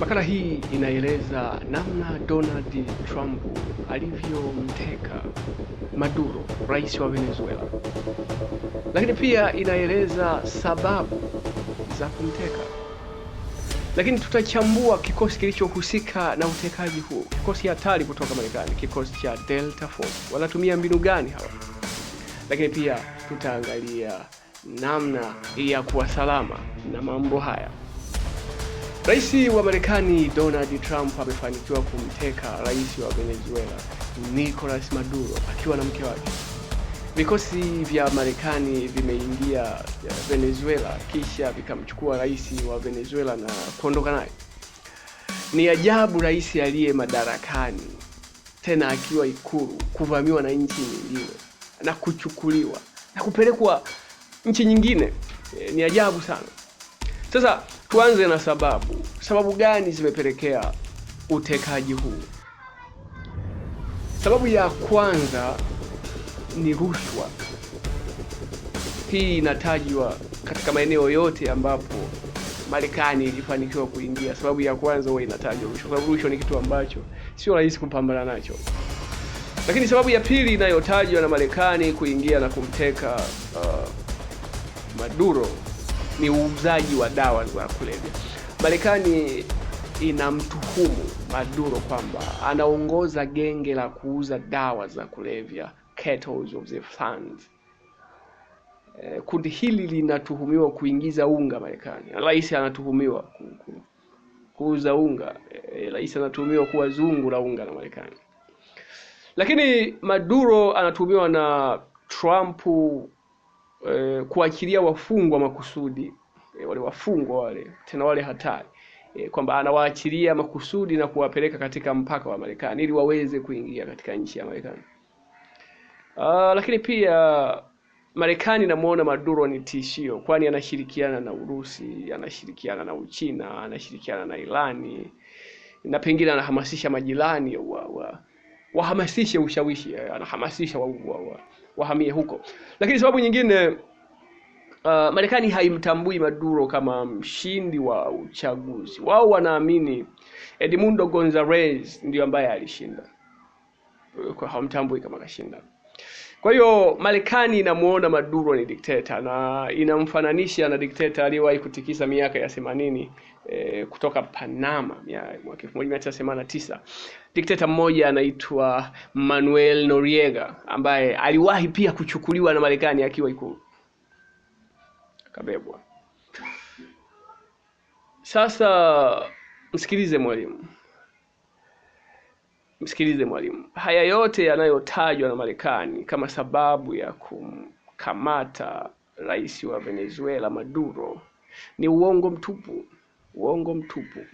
Makala hii inaeleza namna Donald Trump alivyomteka Maduro, rais wa Venezuela, lakini pia inaeleza sababu za kumteka. Lakini tutachambua kikosi kilichohusika na utekaji huo, kikosi hatari kutoka Marekani, kikosi cha Delta Force. Wanatumia mbinu gani hawa? Lakini pia tutaangalia namna ya kuwa salama na mambo haya. Rais wa Marekani Donald Trump amefanikiwa kumteka rais wa Venezuela Nicolas Maduro akiwa na mke wake. Vikosi vya Marekani vimeingia Venezuela kisha vikamchukua rais wa Venezuela na kuondoka naye. Ni ajabu rais aliye madarakani tena akiwa ikulu kuvamiwa na nchi nyingine na kuchukuliwa na kupelekwa nchi nyingine. E, ni ajabu sana. Sasa Tuanze na sababu. Sababu gani zimepelekea utekaji huu? Sababu ya kwanza ni rushwa. Hii inatajwa katika maeneo yote ambapo Marekani ilifanikiwa kuingia. Sababu ya kwanza huwa inatajwa rushwa, sababu rushwa ni kitu ambacho sio rahisi kupambana nacho. Lakini sababu ya pili inayotajwa na Marekani kuingia na kumteka uh, Maduro ni uuzaji wa dawa za kulevya. Marekani inamtuhumu Maduro kwamba anaongoza genge la kuuza dawa za kulevya Cartels of the Fund. Eh, kundi hili linatuhumiwa kuingiza unga Marekani. Rais anatuhumiwa kuuza unga. E, rais anatuhumiwa kuwa zungu la unga na Marekani, lakini Maduro anatuhumiwa na Trump e, kuachilia wafungwa makusudi e, wale wafungwa wale tena wale hatari e, kwamba anawaachilia makusudi na kuwapeleka katika mpaka wa Marekani ili waweze kuingia katika nchi ya Marekani. Uh, lakini pia Marekani inamuona Maduro ni tishio, kwani anashirikiana na Urusi, anashirikiana na Uchina, anashirikiana na Irani na pengine anahamasisha majirani wa, wa wahamasishe ushawishi, anahamasisha wa, wa, wa, wahamie huko lakini sababu nyingine uh, marekani haimtambui maduro kama mshindi wa uchaguzi wao wanaamini edmundo gonzarez ndio ambaye alishinda hawamtambui kama kashinda kwa hiyo Marekani inamuona Maduro ni dikteta na inamfananisha na dikteta aliyewahi kutikisa miaka ya themanini eh, kutoka Panama mwaka 1989 dikteta mmoja anaitwa Manuel Noriega ambaye aliwahi pia kuchukuliwa na Marekani akiwa ikulu akabebwa. Sasa msikilize mwalimu. Msikilize mwalimu, haya yote yanayotajwa na Marekani kama sababu ya kumkamata rais wa Venezuela Maduro ni uongo mtupu, uongo mtupu.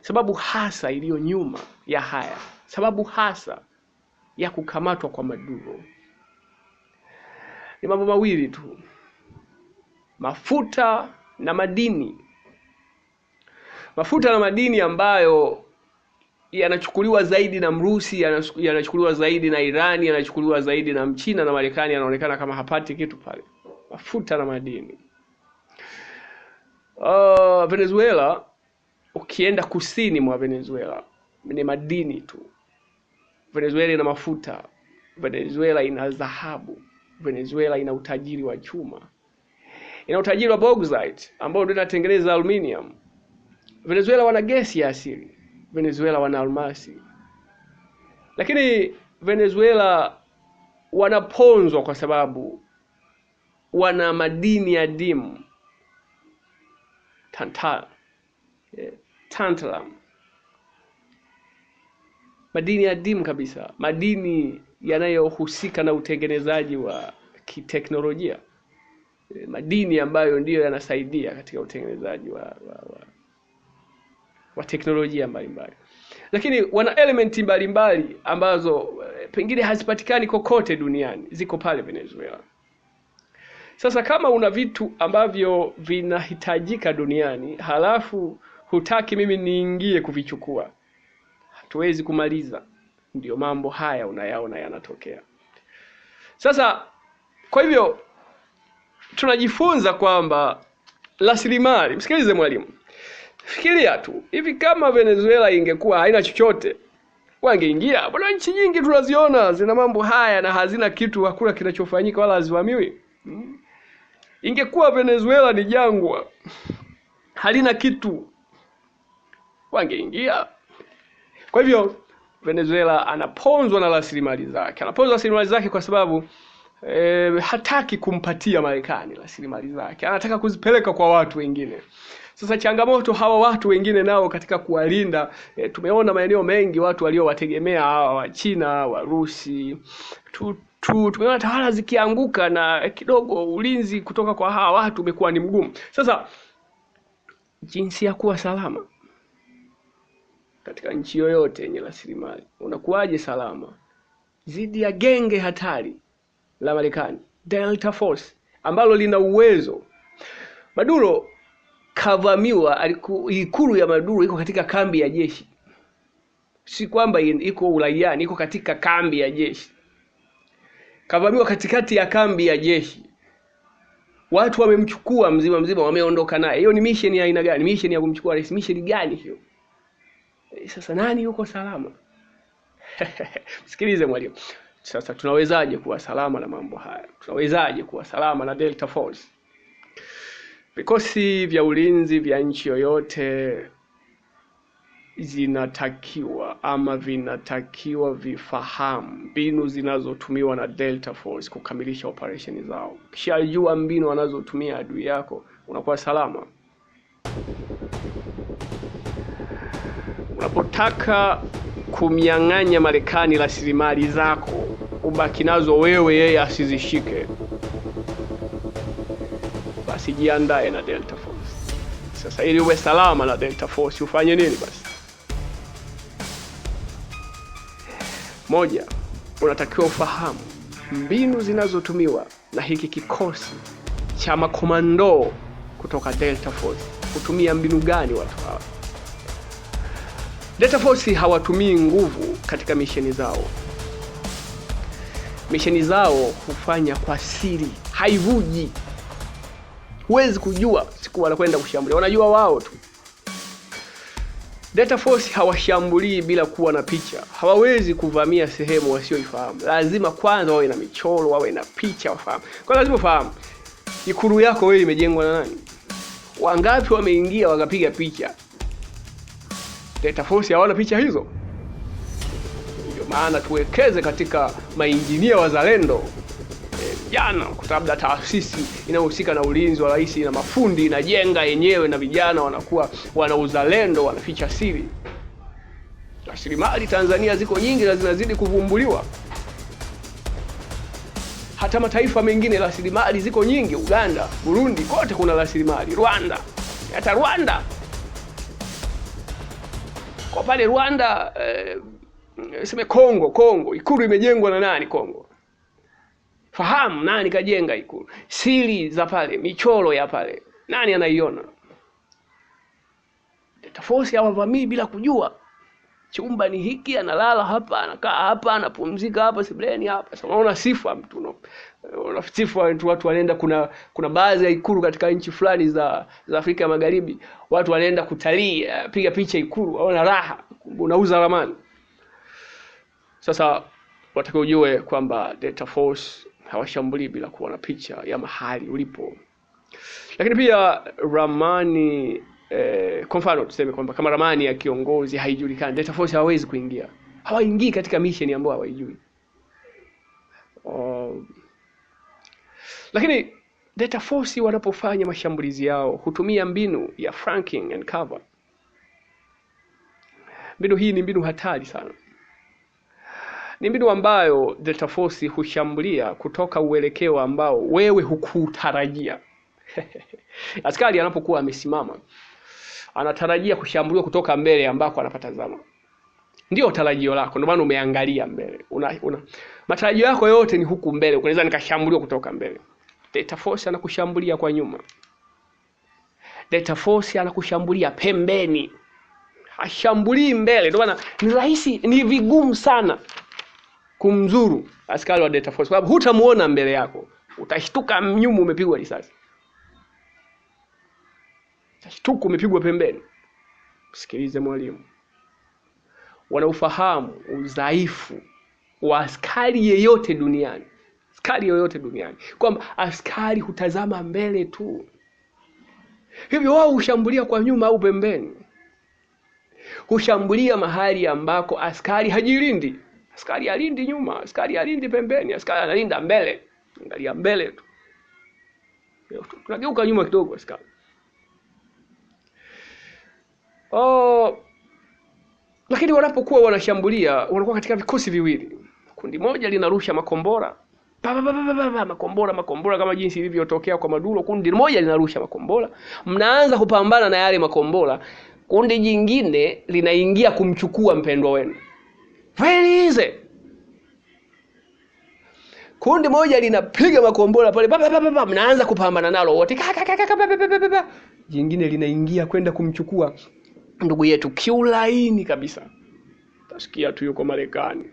Sababu hasa iliyo nyuma ya haya, sababu hasa ya kukamatwa kwa Maduro ni mambo mawili tu, mafuta na madini. Mafuta na madini ambayo yanachukuliwa zaidi na Mrusi, yanachukuliwa zaidi na Irani, yanachukuliwa zaidi na Mchina na Marekani, yanaonekana kama hapati kitu pale, mafuta na madini. Uh, Venezuela, ukienda kusini mwa Venezuela ni madini tu. Venezuela ina mafuta, Venezuela ina dhahabu, Venezuela ina utajiri wa chuma, ina utajiri wa bauxite ambao ndio inatengeneza aluminium. Venezuela wana gesi ya asili Venezuela wana almasi, lakini Venezuela wanaponzwa kwa sababu wana madini ya tantal, eh, tantalum, madini dimu kabisa, madini yanayohusika na utengenezaji wa kiteknolojia, eh, madini ambayo ndiyo yanasaidia katika utengenezaji wa, wa, wa wa teknolojia mbalimbali Lakini wana elementi mbalimbali mbali ambazo eh, pengine hazipatikani kokote duniani, ziko pale Venezuela. Sasa kama una vitu ambavyo vinahitajika duniani halafu hutaki mimi niingie kuvichukua, hatuwezi kumaliza. Ndiyo mambo haya unayaona yanatokea sasa. Kwa hivyo tunajifunza kwamba rasilimali, msikilize mwalimu Fikiria tu hivi, kama Venezuela ingekuwa haina chochote wangeingia? Bwana, nchi nyingi tunaziona zina mambo haya na hazina kitu, hakuna kinachofanyika wala haziwamiwi. Hmm. Ingekuwa Venezuela ni jangwa halina kitu, wangeingia? Kwa hivyo Venezuela anaponzwa na rasilimali zake, anaponzwa rasilimali zake kwa sababu eh, hataki kumpatia Marekani rasilimali zake, anataka kuzipeleka kwa watu wengine. Sasa changamoto hawa watu wengine nao katika kuwalinda e, tumeona maeneo mengi watu waliowategemea hawa Wachina, Warusi tu, tu, tumeona tawala zikianguka na kidogo ulinzi kutoka kwa hawa watu umekuwa ni mgumu. Sasa jinsi ya kuwa salama katika nchi yoyote yenye rasilimali, unakuwaje salama dhidi ya genge hatari la Marekani Delta Force ambalo lina uwezo Maduro kavamiwa aliku, ikulu ya Maduro iko katika kambi ya jeshi, si kwamba iko uraiani, iko katika kambi ya jeshi. Kavamiwa katikati ya kambi ya jeshi, watu wamemchukua mzima mzima, wameondoka naye. Hiyo ni mission ya aina gani? Mission ya kumchukua rais? Mission gani hiyo? Eh, sasa nani yuko salama? Msikilize mwalimu. Sasa tunawezaje kuwa salama na mambo haya? Tunawezaje kuwa salama na Delta Force? Vikosi vya ulinzi vya nchi yoyote zinatakiwa ama vinatakiwa vifahamu mbinu zinazotumiwa na Delta Force kukamilisha operesheni zao. Ukishajua mbinu anazotumia adui yako, unakuwa salama. Unapotaka kumnyang'anya Marekani rasilimali zako, ubaki nazo wewe, yeye asizishike basi jiandae na Delta Force. Sasa ili uwe salama na Delta Force ufanye nini basi? Moja, unatakiwa ufahamu mbinu zinazotumiwa na hiki kikosi cha makomando kutoka Delta Force. Hutumia mbinu gani watu hawa? Delta Force hawatumii nguvu katika misheni zao. Misheni zao hufanya kwa siri, haivuji Huwezi kujua siku wanakwenda kushambulia, wanajua wao tu. Delta Force hawashambulii bila kuwa na picha. Hawawezi kuvamia sehemu wasioifahamu. Lazima kwanza wawe na michoro, wawe na picha, wafahamu. Kwa lazima ufahamu ikulu yako wewe imejengwa na nani, wangapi wameingia wakapiga picha. Delta Force hawana picha hizo. Ndio maana tuwekeze katika mainjinia wazalendo vijana, kwa sababu labda taasisi inayohusika na ulinzi wa rais na mafundi inajenga yenyewe, na vijana wanakuwa wana uzalendo, wanaficha siri. Rasilimali Tanzania ziko nyingi na zinazidi kuvumbuliwa. Hata mataifa mengine rasilimali ziko nyingi, Uganda, Burundi, kote kuna rasilimali. Rwanda, hata Rwanda kwa pale Rwanda eh, sema Kongo, Kongo ikulu imejengwa na nani Kongo? fahamu nani kajenga Ikulu, siri za pale, michoro ya pale, nani anaiona? Delta Force hawavamii bila kujua chumba ni hiki, analala hapa, anakaa hapa, anapumzika hapa, sebleni hapa. Sasa unaona sifa mtu no. Una Unasifu watu wanaenda, kuna kuna baadhi ya ikulu katika nchi fulani za za Afrika ya Magharibi, watu wanaenda kutalii, eh, piga picha ikulu, waona raha, unauza ramani. Sasa wataka ujue kwamba Delta Force hawashambulii bila kuwa na picha ya mahali ulipo lakini pia ramani eh, kwa mfano tuseme kwamba kama ramani ya kiongozi haijulikani delta force hawawezi kuingia hawaingii katika mission ambayo hawaijui um, lakini delta force wanapofanya mashambulizi yao hutumia mbinu ya flanking and cover mbinu hii ni mbinu hatari sana ni mbinu ambayo Delta Force hushambulia kutoka uelekeo ambao wewe hukutarajia. Askari anapokuwa amesimama anatarajia kushambuliwa kutoka mbele ambako anapatazama. Ndio tarajio lako, ndio maana umeangalia mbele. Una, una. Matarajio yako yote ni huku mbele, unaweza nikashambuliwa kutoka mbele. Delta Force anakushambulia kwa nyuma. Delta Force anakushambulia pembeni. Hashambulii mbele, ndio maana ni rahisi, ni vigumu sana kumzuru askari wa Delta Force, sababu hutamuona mbele yako, utashtuka mnyumu umepigwa risasi, utashtuka umepigwa pembeni. Msikilize mwalimu, wanaufahamu udhaifu wa askari yeyote duniani, askari yoyote duniani, kwamba askari hutazama mbele tu, hivyo wao hushambulia kwa nyuma au pembeni, hushambulia mahali ambako askari hajilindi askari alindi nyuma, askari alindi pembeni, askari analinda mbele, angalia mbele tu, tunageuka nyuma kidogo askari. Oh, lakini wanapokuwa wanashambulia wanakuwa katika vikosi viwili, kundi moja linarusha makombora Ba, ba, ba, ba, ba, makombora makombora kama jinsi ilivyotokea kwa Maduro, kundi moja linarusha makombora, mnaanza kupambana na yale makombora, kundi jingine linaingia kumchukua mpendwa wenu. Where is it? Kundi moja linapiga makombora pale pa pa pa, mnaanza kupambana nalo wote, jingine linaingia kwenda kumchukua ndugu yetu kiulaini kabisa. Tasikia tu yuko Marekani.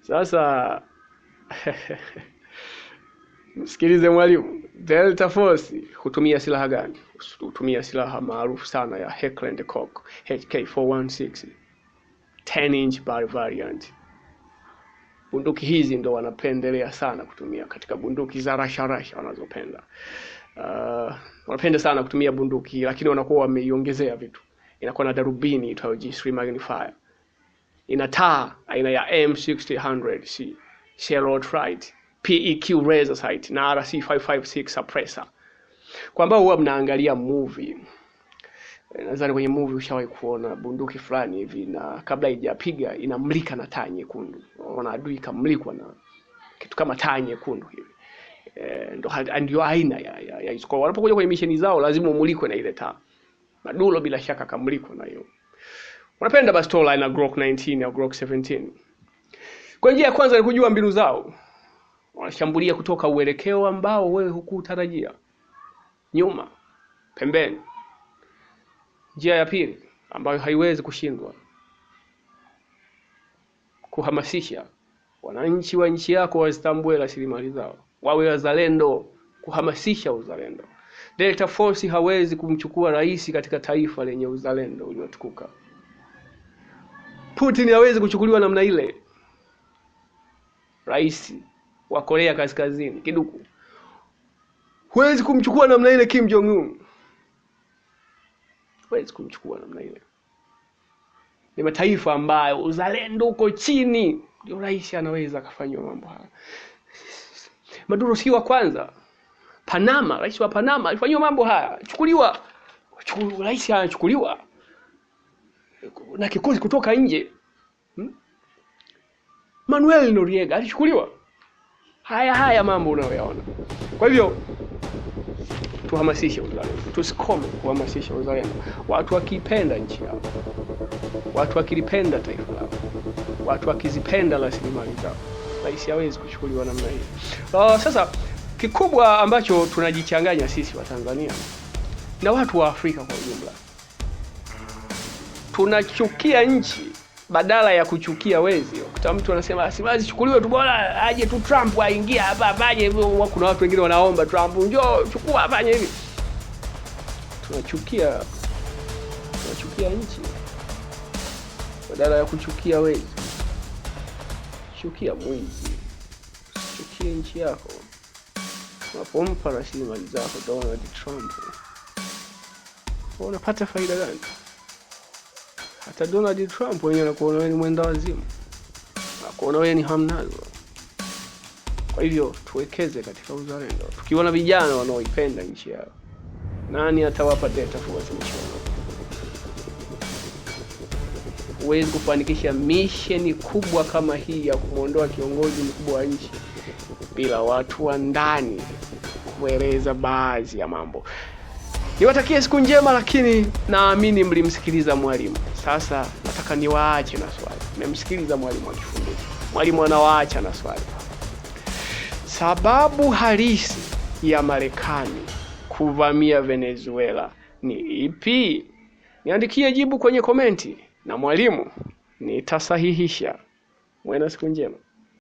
Sasa msikilize mwalimu. Delta Force hutumia silaha gani? Hutumia silaha maarufu sana ya Heckler Koch HK416 10 inch bar variant. Bunduki hizi ndo wanapendelea sana kutumia katika bunduki za rasha rasha wanazopenda. Uh, wanapenda sana kutumia bunduki lakini wanakuwa wameiongezea vitu. Inakuwa na darubini itwayo G3 magnifier. Ina taa aina ya M600C Sherlotrite PEQ razor sight na RC556 suppressor. Kwa ambao huwa mnaangalia movie Eh, nadhani kwenye movie ushawahi kuona bunduki fulani hivi, na kabla haijapiga inamlika na taa nyekundu, unaona adui kamlikwa na kitu kama taa nyekundu hivi e, ndo ndio aina ya, ya, ya isko. Wanapokuja kwenye misheni zao lazima umulikwe na ile taa. madulo bila shaka kamlikwa na hiyo. Unapenda basi tola na Glock 19 au Glock 17. Kwa njia ya kwanza ni kujua mbinu zao. Wanashambulia kutoka uelekeo ambao wewe hukutarajia Nyuma, pembeni Njia ya pili ambayo haiwezi kushindwa, kuhamasisha wananchi wa nchi yako wazitambue rasilimali zao, wawe wazalendo, kuhamasisha uzalendo. Delta Force hawezi kumchukua rais katika taifa lenye uzalendo uliotukuka. Putin hawezi kuchukuliwa namna ile. Rais wa Korea Kaskazini kiduku, huwezi kumchukua namna ile Kim Jong Un huwezi kumchukua namna ile ni mataifa ambayo uzalendo uko chini ndio rais anaweza akafanyiwa mambo haya maduro si wa kwanza panama rais wa panama alifanywa mambo haya chukuliwa rais anachukuliwa na kikosi kutoka nje hmm? manuel noriega alichukuliwa haya haya mambo unayoyaona kwa hivyo tuhamasishe uzalendo, tusikome kuhamasisha uzalendo. Watu wakiipenda nchi yao, watu wakilipenda taifa lao, watu wakizipenda rasilimali zao, raisi hawezi kuchukuliwa namna hii Uh, ah, sasa kikubwa ambacho tunajichanganya sisi wa Tanzania na watu wa Afrika kwa ujumla, tunachukia nchi badala ya kuchukia wezi, kuta mtu anasema asimazi chukuliwe tu, bora aje tu Trump aingia hapa afanye hivyo. Kuna watu wengine wanaomba Trump, njoo chukua afanye hivi. Tunachukia, tunachukia nchi badala ya kuchukia wezi. Chukia mwizi, chukie nchi yako. Unapompa rasilimali zako Donald Trump, unapata faida gani? Hata Donald Trump wenyewe anakuona wewe ni mwenda wazimu, anakuona wewe ni hamnazo. Kwa hivyo tuwekeze katika uzalendo, tukiona vijana wanaoipenda nchi yao, nani atawapa data fuasi nchi yao? Huwezi kufanikisha misheni kubwa kama hii ya kumwondoa kiongozi mkubwa wa nchi bila watu wa ndani kueleza baadhi ya mambo. Niwatakie siku njema, lakini naamini mlimsikiliza mwalimu. Sasa nataka niwaache na swali. Nimemsikiliza mwalimu akifundisha, mwalimu anawaacha na swali. Sababu halisi ya Marekani kuvamia Venezuela ni ipi? Niandikie jibu kwenye komenti na mwalimu nitasahihisha. Mwena siku njema.